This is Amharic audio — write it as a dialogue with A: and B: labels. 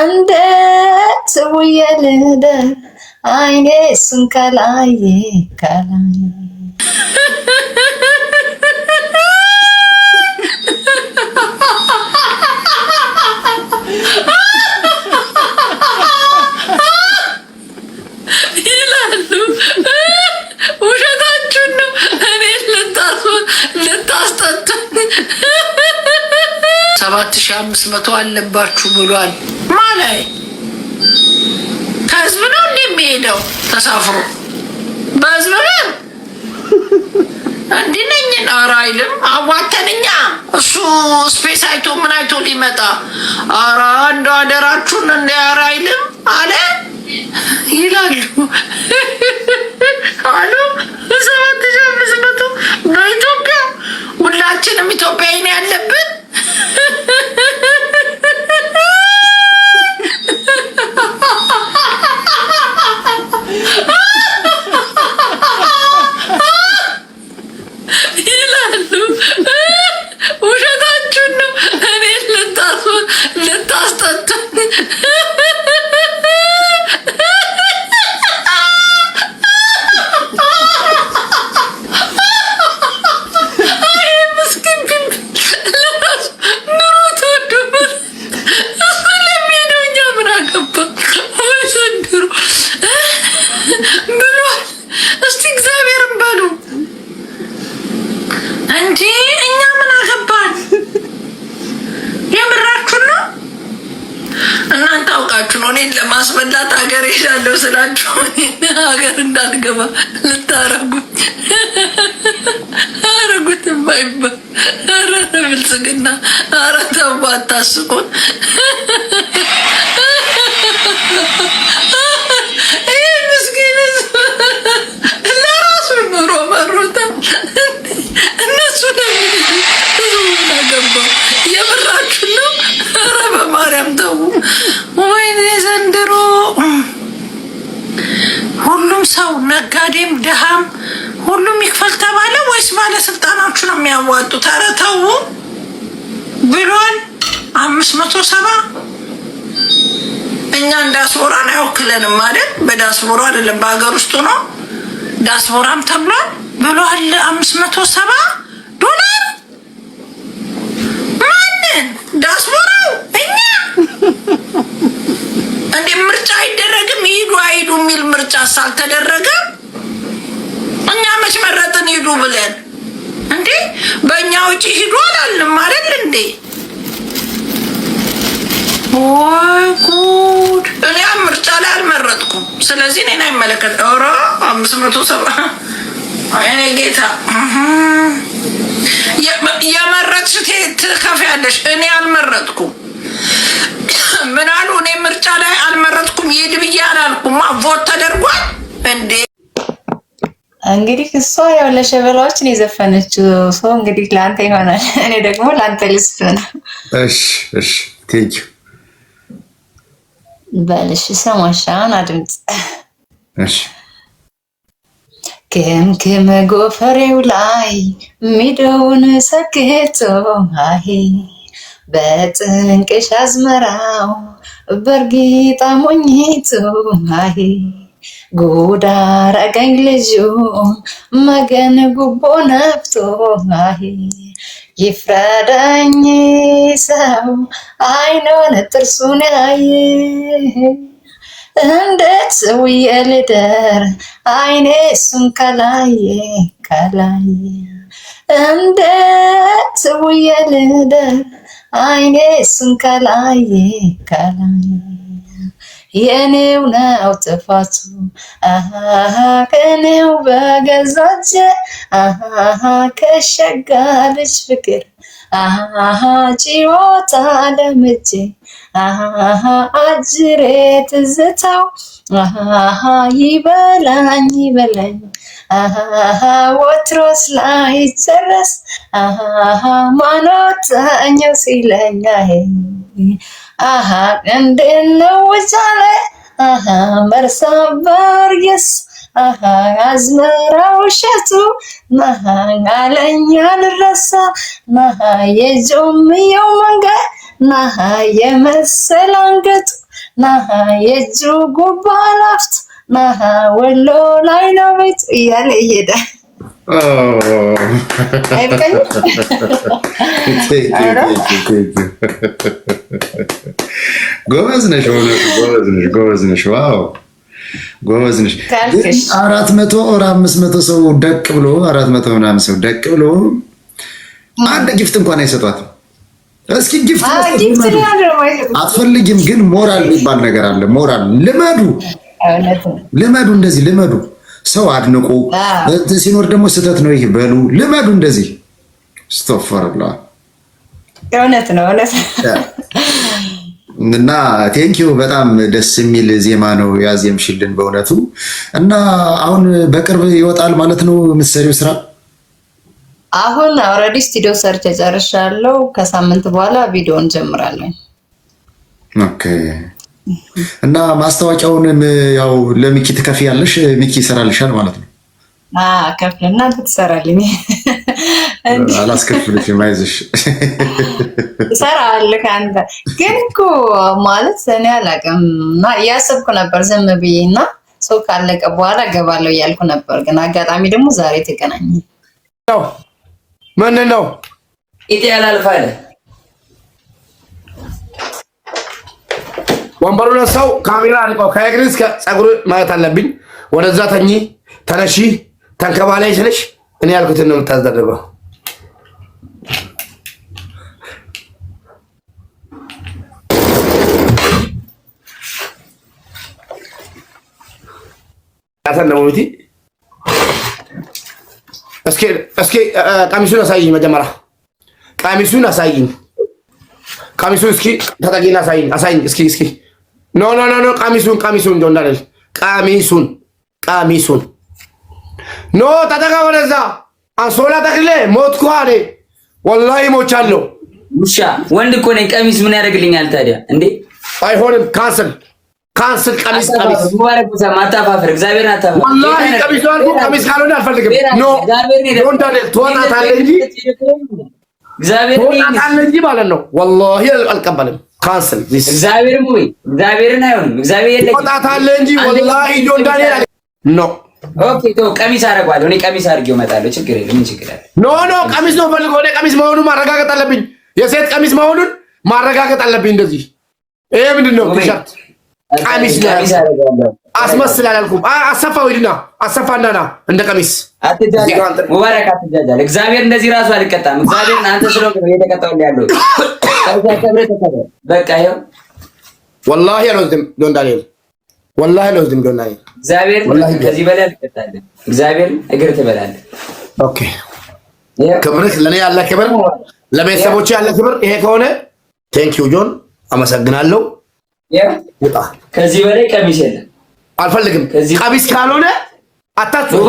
A: እንደ ስውዬ ልደ አይኔ እሱን ከላየ ከላየ
B: ሰባት ሺህ አምስት መቶ አለባችሁ ብሏል። ማላይ ከህዝብ ነው ተሳፍሮ
A: በህዝብ ነው
B: ኧረ አይልም። አዋተንኛ እሱ ስፔስ አይቶ ምን አይቶ ሊመጣ ኧረ እንደው አደራችሁን እንደ ኧረ አይልም አለ
A: ሀገር ሄዳለሁ ስላችሁ ሀገር እንዳልገባ ልታረጉኝ አረጉት ማይባ ኧረ ብልጽግና ኧረ አታስቁን። ሁሉም ይክፈል ተባለ ወይስ ባለስልጣኖቹ ነው የሚያዋጡት? ኧረ ተው ብሎን አምስት መቶ ሰባ እኛ ዳስቦራን አይወክለንም ማለት በዳስቦራ አይደለም በሀገር ውስጡ ነው ዳስቦራም ተብሏል ብሏል። አምስት መቶ ሰባ ዶላር ማንን ዳስቦራው እኛ እንዴ ምርጫ አይደረግም ይሂዱ አይሂዱ የሚል ምርጫ ሳልተደረገም እኛ መች መረጥን ሂዱ ብለን እንዴ? በእኛ ውጪ ሂዱ አላልንም አይደል እንዴ? ወይ ጉድ! እኔ ምርጫ ላይ አልመረጥኩም። ስለዚህ እኔን አይመለከት። ኦሮ አምስት መቶ ሰባ እኔ ጌታ የመረጥሽ ትከፍያለሽ። እኔ አልመረጥኩም። ምን አሉ? እኔ ምርጫ ላይ አልመረጥኩም። ይሄድ ብዬ አላልኩም። ቮት ተደርጓል እንዴ?
B: እንግዲህ እሷ ያው ለሸበላዎችን የዘፈነችው ሰው እንግዲህ ለአንተ ይሆናል፣ እኔ ደግሞ ለአንተ ልስፍን።
C: እሺ እሺ፣ ቴንክ ዩ
B: በልሽ። ሰማሻን አድምጽ። እሺ ክምክም ጎፈሬው ላይ ሚደውን ሰክቶ ማሂ በጥንቅሽ አዝመራው በርጊጣ ሞኝቱ አሄ ጉዳ ረገኝ ልጁ መገን ጉቦ ነፍቶ ማሂ ይፍረዳኝ ሰው አይኖን ጥርሱን ያየ እንዴት ሰውዬ ልደር አይኔ እሱን ከላየ ከላየ እንዴት ሰውዬ ልደር አይኔ እሱን ከላየ ከላየ የእኔው ነው ጥፋቱ ከእኔው ፍቅር ጭወታ ለምጄ አጅሬ ትዝታው ይበላኝ ይበላኝ ወትሮስ ላይ ይጨረስ ማኖተኛው ሲለኛ አሃ እንዴት ነው ውጫለ አሃ መርሳባር የሱ አሃ አዝመራው እሸቱ ናሃ አለኝ አልረሳ ናሃ የጆምየው መንገድ ናሃ የመሰል አንገቱ ናሃ የእጁ ጉባ ላፍቱ ናሃ ወሎ ላይ ነው ቤቱ እያለ ይሄዳል።
C: Oh. ጎበዝ ነሽ ጎበዝ ነሽ ጎበዝ ነሽ ዋው ጎበዝ ነሽ። አራት መቶ አምስት መቶ ሰው ደቅ ብሎ አራት መቶ ምናምን ሰው ደቅ ብሎ አንድ ጊፍት እንኳን አይሰጧትም። እስኪ ጊፍት አትፈልጊም፣ ግን ሞራል የሚባል ነገር አለ። ሞራል ልመዱ ልመዱ እንደዚህ ልመዱ ሰው አድንቁ። ሲኖር ደግሞ ስህተት ነው ይህ በሉ ልመዱ። እንደዚህ ስቶፈር ብለዋል።
B: እውነት ነው እውነት
C: እና ቴንኪዩ በጣም ደስ የሚል ዜማ ነው ያዜምሽልን በእውነቱ። እና አሁን በቅርብ ይወጣል ማለት ነው የምትሰሪው ስራ?
B: አሁን ኦልሬዲ ስቱዲዮ ሰርች ጨርሻለሁ። ከሳምንት በኋላ ቪዲዮን ጀምራለን።
C: ኦኬ እና ማስታወቂያውንም ያው ለሚኪ ያለሽ ሚኪ ይሰራልሻል ማለት ነው።
B: ከፍልና አንተ ትሰራልኝ።
C: አላስከፍልሽም፣ አይዞሽ
B: እሰራዋለሁ። አንተ ግን እኮ ማለት እኔ አላውቅም እና እያሰብኩ ነበር ዝም ብዬ እና ሰው ካለቀ በኋላ እገባለሁ እያልኩ ነበር። ግን አጋጣሚ ደግሞ ዛሬ ተገናኘን። ምንድን ነው ኢትያላልፋለ
C: ወንበሩ ነሳው። ካሜራ አርቀው ከእግር እስከ ፀጉር ማየት አለብኝ። ወደዛ ተኚ፣ ተነሺ፣ ተንከባለይ ስልሽ እኔ ያልኩትን ነው የምታስደርገው። ያሰነሙቲ እስኪ እስኪ ቀሚሱን አሳይኝ። መጀመሪያ ቀሚሱን አሳይኝ። ቀሚሱን እስኪ ተጠቂና አሳይኝ እስኪ እስኪ ኖ ኖ ኖ ኖ ቀሚሱን ቀሚሱን እንደ እንዳለል ቀሚሱን ቀሚሱን ኖ ተጠጋ ወደዛ አንሶላ ተክሌ ሞትኩ አለ። ወላሂ ሞቻለሁ።
B: ውሻ ወንድ እኮ ነኝ። ቀሚስ ምን ያደርግልኛል ታዲያ እንዴ?
C: አይሆንም። ካንስል ካንስል። ቀሚስ ቀሚስ
B: ሙባረክ ሰማ አታፋፍር። እግዚአብሔር አታፋፍር።
C: ወላሂ ቀሚስ አልኩ። ቀሚስ ካልሆነ አልፈልግም። ኖ ኖ እንዳለ ትወጣታለህ እንጂ እግዚአብሔር ትወጣታለህ እንጂ ማለት ነው። ወላሂ አልቀበልም ካንስል
B: ዲስ እግዚአብሔር ሙይ እግዚአብሔርን አይሆንም። እግዚአብሔር የለም
C: ወጣታለ እንጂ ወላሂ ጆን ዳንኤል ኖ
B: ኦኬ ቶ ቀሚስ አደርገዋለሁ እኔ ቀሚስ አድርጌው እመጣለሁ። ችግር የለም ምን ችግር አለ?
C: ኖ ኖ ቀሚስ ነው ፈልገው እኔ ቀሚስ መሆኑን ማረጋገጥ አለብኝ። የሴት ቀሚስ መሆኑን ማረጋገጥ አለብኝ። እንደዚህ ይሄ ምንድን ነው? ቲሸርት ቀሚስ ነው። አስመስል አላልኩም። አሰፋ ወይድና አሰፋና ና እንደ ቀሚስ
B: አትጃጃል። ሙባረክ አትጃጃል። እግዚአብሔር እንደዚህ ራሱ አልቀጣም። እግዚአብሔር አንተ ስለሆነ የተቀጣው ያለው በቃ ይኸው
C: ወላሂ አልወስድም ጆን ዳንኤል ወላሂ አልወስድም ጆን ዳንኤል
B: እግዚአብሔር ከዚህ በላይ አልቀጣልም። እግዚአብሔር እግር ትበላለህ።
C: ኦኬ ክብርህ ለእኔ ያለ ክብር፣ ለቤተሰቦች ያለ ክብር ይሄ ከሆነ ቴንክ ዩ ጆን አመሰግናለሁ።
B: ውጣ። ከዚህ በላይ ቀሚስ የለም
C: አልፈልግም። ቀሚስ ካልሆነ አታችሁ